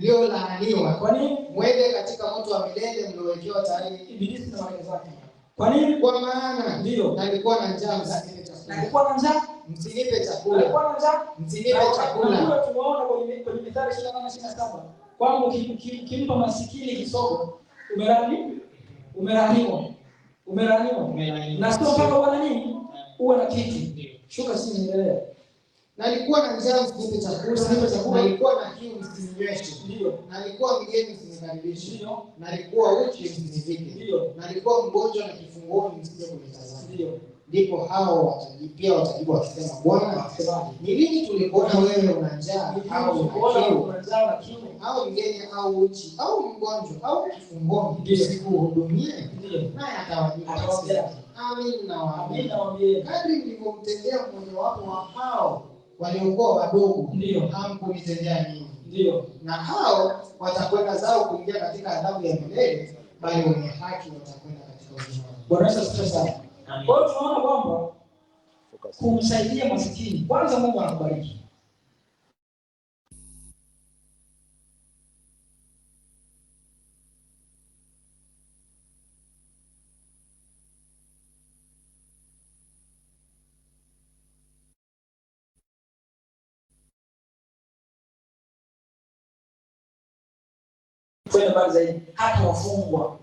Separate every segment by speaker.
Speaker 1: mliolaaniwa. Kwa nini? Mwende katika moto wa milele mliowekewa tayari
Speaker 2: Ibilisi na wale zake. Kwa nini?
Speaker 1: Kwa maana ndio nalikuwa na njaa, msinipe chakula.
Speaker 2: Nalikuwa na njaa,
Speaker 1: msinipe chakula.
Speaker 2: Nalikuwa na njaa,
Speaker 1: msinipe chakula.
Speaker 2: Ndio tumeona kwenye kwenye Mithali 28:27 kwamba ukimpa masikini kisogo umerani umeraniwa umeraniwa, na sio mpaka uwe na nini, uwe na kitu. Shuka, si niendelea
Speaker 1: na alikuwa na njaa msinipe chakula, Nalikuwa na kiu msininyweshe, na alikuwa mgeni msinikaribishe, na alikuwa uchi msinivike, na alikuwa mgonjwa na kifungoni msije kunitazama. Ndipo hao watajipia watajibu wakisema, Bwana, ni lini tulikuona wewe una njaa au una kiu au mgeni au uchi au mgonjwa au kifungoni tusikuhudumie? Naye atawajibu akisema, amin nawaambia, kadri mlivyomtendea mmojawapo wa hao waliokuwa wadogo hamkunitendea nini ndio na hao watakwenda zao kuingia katika adhabu ya milele, bali wenye haki watakwenda katika uzima.
Speaker 2: Bwana Yesu asifiwe sana. Kwa hiyo tunaona kwamba kumsaidia masikini, kwanza Mungu anakubariki kwenda mbali zaidi, hata wafungwa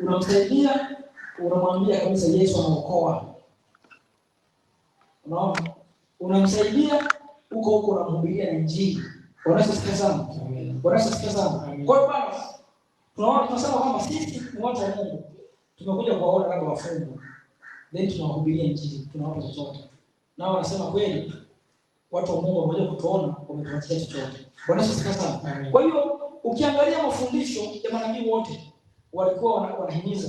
Speaker 2: unamsaidia, unamwambia kabisa Yesu anaokoa. Unaona, unamsaidia huko huko, unamhubiria Injili. Wanasikia sana, wanasikia sana. Kwa hiyo bwana, tunaona tunasema kwamba sisi ni watu wa Mungu, tumekuja kuwaona labda wafungwa, then tunawahubiria Injili, tunawapa chochote, nao wanasema kweli, watu wa Mungu wamekuja kutuona, wametupatia chochote. Wanasikia sana. Kwa hiyo ukiangalia mafundisho ya manabii wote walikuwa wanahimiza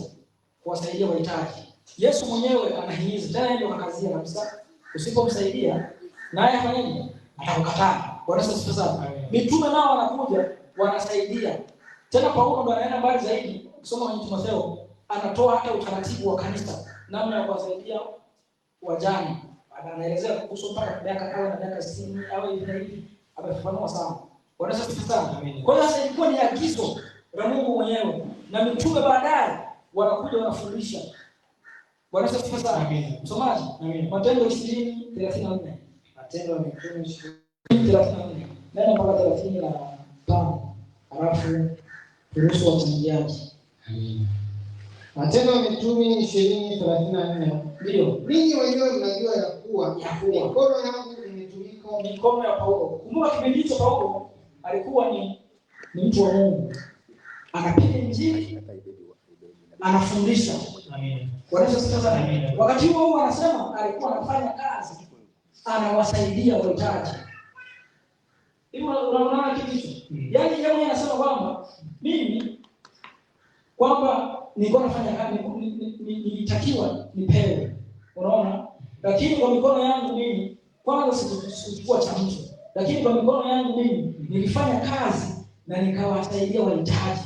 Speaker 2: kuwasaidia wahitaji. Yesu mwenyewe anahimiza, tena ndio akakazia kabisa, usipomsaidia naye afanyaje? Atakukataa. Bwana Yesu sana. Mitume nao wanakuja wanasaidia. Tena Paulo ndo anaenda mbali zaidi, soma kwenye Timotheo, anatoa hata utaratibu wa kanisa namna ya kuwasaidia wajane, anaelezea kuhusu mpaka miaka awe na miaka 60 au hivi na hivi, amefafanua sana. Bwana sasa sana. Kwa hiyo sasa ilikuwa ni agizo la Mungu mwenyewe na mitume baadaye wanakuja wanafundisha. Bwana sasa sana. Msomaji. Matendo 20:34.
Speaker 1: Matendo ya Mitume 20:34. Mara Nenda na 35. Halafu turuhusu wachangiaji. Amina. Matendo ya Mitume 20:34. Ndio. Ninyi wenyewe mnajua ya kuwa mikono yangu imetumika
Speaker 2: mikono ya Paulo. Kumbuka kipindi hicho Paulo alikuwa ni ni mtu wa Mungu, anapiga injili, anafundisha. Wakati huo huo anasema alikuwa anafanya kazi, anawasaidia wahitaji. Unaona kitu yaani, jamii anasema kwamba mimi kwamba nilikuwa nafanya kazi, nilitakiwa nipewe, unaona, lakini kwa mikono yangu mimi kwanza sikuchukua cha mtu lakini kwa mikono yangu mimi nilifanya kazi na nikawasaidia wahitaji.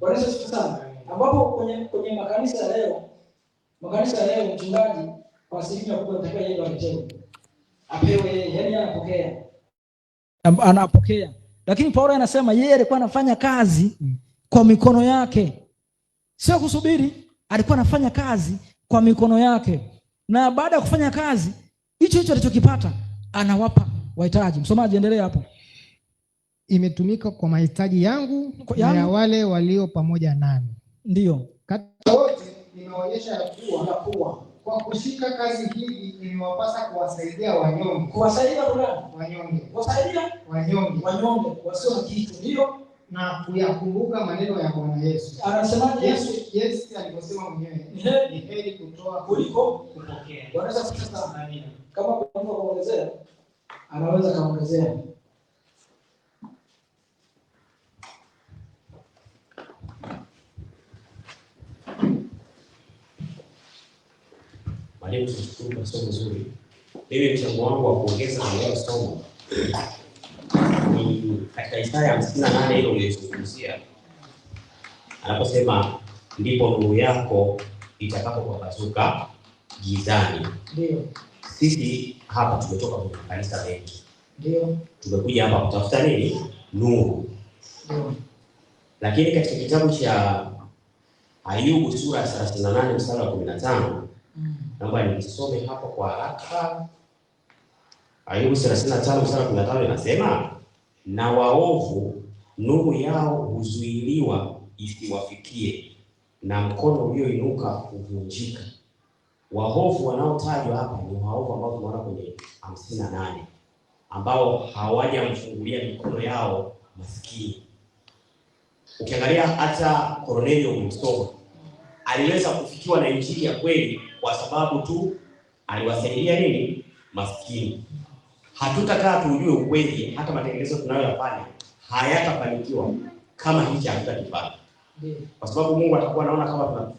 Speaker 2: Bwana Yesu sana, ambapo kwenye kwenye makanisa leo makanisa leo mchungaji kwa asilimia kubwa atakuwa yeye ndio ameteua apewe yeye, yani anapokea anapokea, lakini Paulo anasema yeye alikuwa anafanya kazi kwa mikono yake, sio kusubiri. Alikuwa anafanya kazi kwa mikono yake, na baada ya kufanya kazi hicho hicho alichokipata anawapa wahitaji. Msomaji, endelea hapo.
Speaker 1: Imetumika kwa mahitaji yangu na ya wale walio pamoja nami. ndio katika wote inaonyesha kuwa kwa kushika kazi hii imewapasa kuwasaidia wanyonge, kuwasaidia wanyonge,
Speaker 2: kuwasaidia wanyonge, wanyonge wasio na kitu, ndio
Speaker 1: na kuyakumbuka maneno ya Bwana Yesu.
Speaker 2: Anasema Yesu?
Speaker 1: Yesu aliposema mwenyewe ni heri kutoa
Speaker 2: kuliko kupokea. Wanaweza kusema amina, kama kuongezea
Speaker 1: anaweza kaongezea
Speaker 2: mwalimu. Tunashukuru kwa somo zuri. Mimi mchango wangu wa kuongeza na leo somo ni katika Isaya hamsini na nane ile uliyozungumzia anaposema ndipo nuru yako itakapopazuka gizani. Ndio sisi hapa tumetoka kwenye kanisa mengi, ndio tumekuja hapa kutafuta nini? Nuru. Lakini katika kitabu cha Ayubu sura ya 38 mstari wa 15, mm. naomba nisome hapo kwa haraka. Ayubu 35 mstari wa 15 inasema, na waovu nuru yao huzuiliwa isiwafikie, na mkono ulioinuka huvunjika wahofu wanaotajwa hapa ni wahofu ambao tunaona kwenye hamsini na nane ambao hawajamfungulia mikono yao maskini. Ukiangalia hata Kornelio Msoma aliweza kufikiwa na injili ya kweli kwa sababu tu aliwasaidia nini maskini. Hatutakaa tujue ukweli, hata matengenezo tunayoyafanya hayatafanikiwa kama hichi hatutakifanya, kwa sababu Mungu atakuwa anaona kama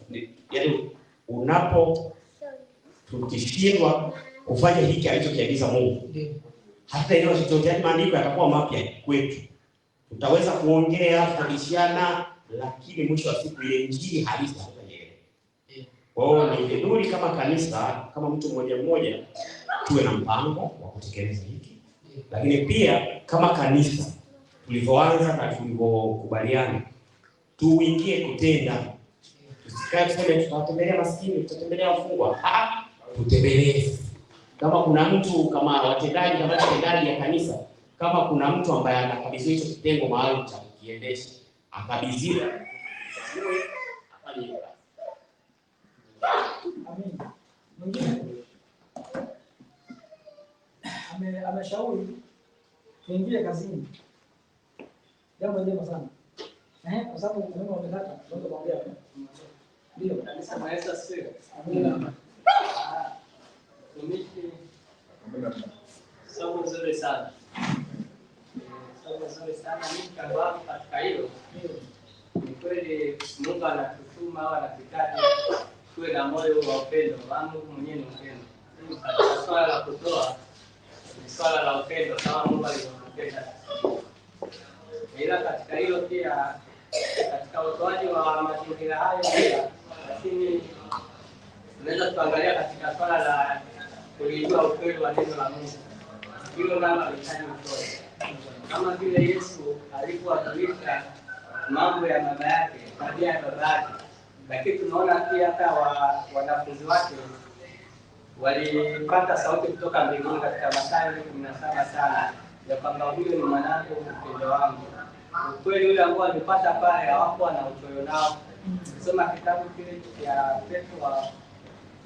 Speaker 2: yaani unapo tukishindwa kufanya hiki alichokiagiza Mungu, hata hatutaelewa chochote, yaani maandiko yatakuwa mapya kwetu. Tutaweza kuongea, tutabishana, lakini mwisho wa siku ile injili halisi hatutaelewa. Kwa hiyo ni vizuri kama kanisa, kama mtu mmoja mmoja, tuwe na mpango wa kutekeleza hiki, lakini pia kama kanisa tulivyoanza na tulivyokubaliana, tuingie kutenda. Tusikae tuseme tutatembelea maskini, tutatembelea wafungwa. Ah! kutembeleza. Kama kuna mtu kama watendaji kama watendaji ya kanisa, kama kuna mtu ambaye anakabidhiwa hicho kitengo maalum cha kukiendesha, akabidhiwa
Speaker 1: ameshauri tuingie kazini, jambo jema sana eh, kwa sababu ndio Somo nzuri sana, somo nzuri sana nikagau katika hilo. Ni kweli Mungu anatutuma au anatutaka tuwe na moyo wa upendo. Mungu mwenyewe ni upendo. Katika swala la kutoa ni swala la upendo, kama Mungu alivyotupenda. Ila katika hilo pia, katika utoaji wa mazingira hayo pia, lakini tunaweza tukaangalia katika swala la kulijua ukweli wa neno la Mungu. Hilo mama alifanya mtoto kama vile Yesu alivyoadhimisha mambo ya mama yake, tabia ya baba yake, lakini tunaona pia hata wanafunzi wake walipata sauti kutoka mbinguni katika Mathayo kumi na saba sana ya kwamba huyo ni mwanangu mpendwa wangu. Ukweli ule ambao alipata pale hawakuwa na uchoyo nao. Soma kitabu kile cha Petro wa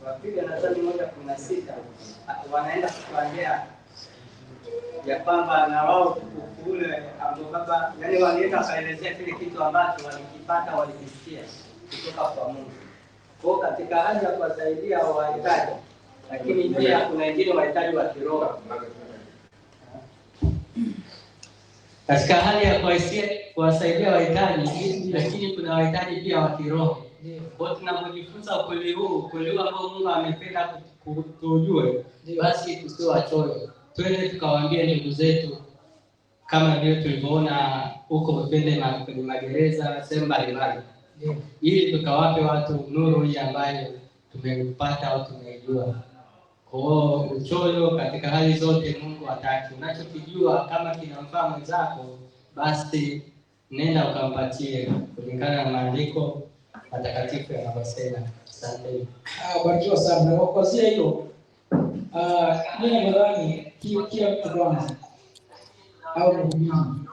Speaker 1: Wapiga nadhani moja kumi na sita wanaenda kutuambia ya kwamba na wao utukufu ule ambao baba, yani wangeenda wakaelezea kile kitu ambacho walikipata walikisikia kutoka kwa Mungu. Kwa katika hali ya kuwasaidia wahitaji, lakini pia kuna wengine wahitaji wa kiroho katika hali ya kuwasaidia wahitaji, lakini kuna wahitaji pia wa kiroho kwa tunapojifunza ukweli huu, ukweli huu ambao Mungu amependa tujue, basi tusiwe wachoyo, twende tukawaambie ndugu zetu, kama vile tulivyoona huko Mpembe kwenye magereza, sehemu mbalimbali, ili tukawape watu nuru hii ambayo tumeipata au tumeijua. Kwao uchoyo katika hali zote Mungu hataki. Unachokijua kama kinamfaa mwenzako, basi nenda ukampatie kulingana na maandiko matakatifu yanavyosema. Asante.
Speaker 2: Ah, barikiwa sana. Kwa kuanzia hilo, mimi ah, nadhani kila mtu au muumini